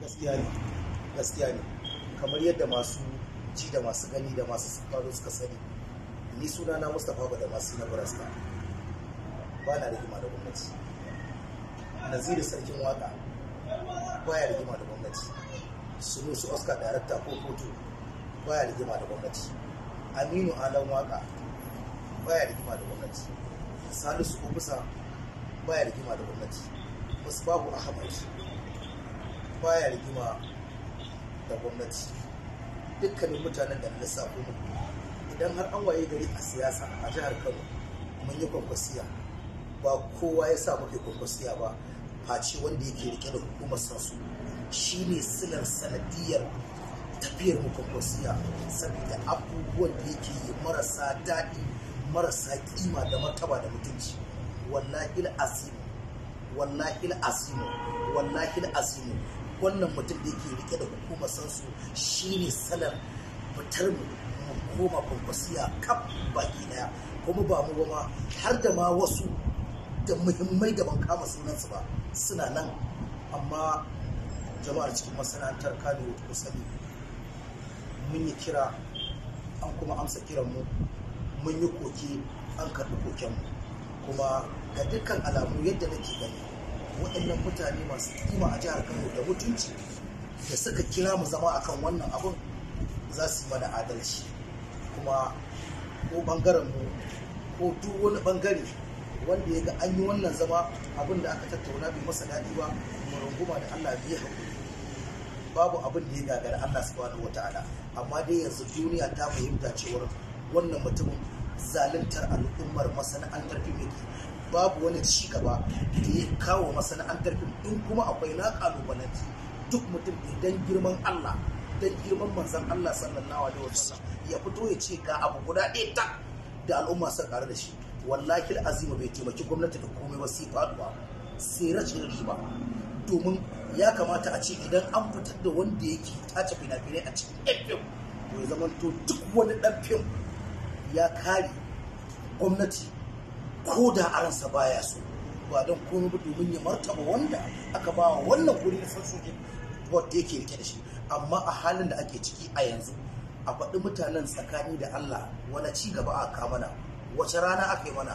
gaskiya ne gaskiya ne kamar yadda masu ji da masu gani da masu sauraro suka sani ni suna na mustapha ba da masu na barasta ba na rigima da gwamnati naziru sarkin waka ya rigima da gwamnati sunu su oscar director ko ba ya rigima da gwamnati aminu alan waka ya rigima da gwamnati salisu kubusa ya rigima da gwamnati wasu babu ahmad baya rigima da gwamnati dukkanin mutanen da na idan har an waye gari a siyasa a jihar kano mun yi kwankwasiya ba kowa ya sa muke kwankwasiya ba face wanda yake rike da hukumar sansu shi ne silar sanadiyar tafiyar mu kwankwasiya saboda abubuwan da yake yi marasa daɗi marasa kima da martaba da mutunci wallahi asimu wallahi asimu wallahi asimu wannan mutum da yake rike da hukumar sansu shi ne salar fitar mu koma kwankwasiya kaf baki daya kuma ba mu ma. har da ma wasu da muhimmai da ban kama sunansu ba suna nan amma jama'ar cikin masana'antar kano ko sani mun yi kira an kuma amsa kiranmu mun yi koke an karɓi kokenmu kuma ga dukkan alamu yadda nake gani waɗannan mutane masu kima a jihar Kano da mutunci da suka kira mu zama akan wannan abun za su mana adalci kuma ko bangaren mu ko duk wani bangare wanda ya ga an yi wannan zama abin da aka tattauna bai masa daɗi ba mu runguma da Allah biya hakuri babu abin da ya gagara Allah su subhanahu wata'ala amma dai yanzu duniya ta fahimta cewar wannan mutumin zaluntar al'ummar masana'antar fim babu wani ci gaba da ya kawo masana'antar fim in kuma akwai na kalubalanci duk mutum idan girman Allah dan girman manzan Allah sallallahu alaihi wasallam ya fito ya ce ga abu guda ɗaya ta da al'umma sun kare da shi wallahi azima bai taimaki gwamnati da komai ba sai faduwa sai rashin riba domin ya kamata a ce idan an fitar da wanda yake tace fina-finai a cikin fm to ya zamanto duk wani ɗan fim ya kare gwamnati ko da aransa baya so ba don komi ba domin ya martaba wanda aka ba wannan guri na soke wadda yake rike da shi amma a halin da ake ciki a yanzu a faɗi mutanen tsakani da Allah wani ci gaba ka mana wace rana aka yi mana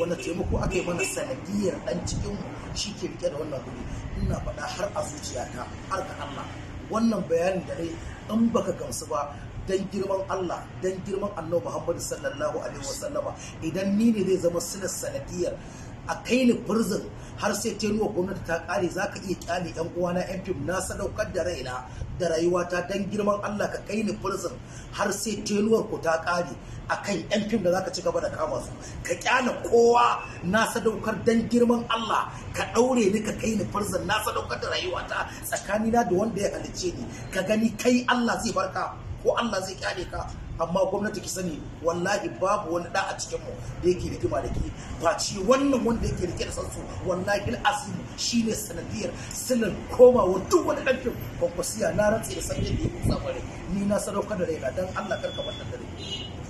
wani taimako aka yi mana sanadiyar ɗan cikin shi ke rike da wannan guri ina faɗa har a zuciyata har ga Allah wannan bayanin da ne in baka gamsu ba dan girman Allah dan girman Annabi Muhammad sallallahu alaihi wasallama idan ni ne zai zama silar sanadiyar a kai ni prison har sai ruwa gwamnati ta kare zaka iya kyale yan uwana yan fim na sadaukar da raina da rayuwata dan girman Allah ka kai ni prison har sai tenuwar ku ta kare a kan yan fim da zaka ka ci gaba da kama su ka kyale kowa na sadaukar dan girman Allah ka ɗaure ni ka kai ni prison na sadaukar da rayuwata tsakanina da wanda ya halice ni ka gani kai Allah zai barka ko Allah zai kyale ka amma gwamnati ki sani wallahi babu wani da a cikin mu da yake rigima da ke face wannan wanda yake rike da sansu wallahi shi shine sanadiyar koma komawa duk wani dan fim kwankwasiya na rantse da san da ya kusa ni na sadaukar da raira dan Allah karka wannan dare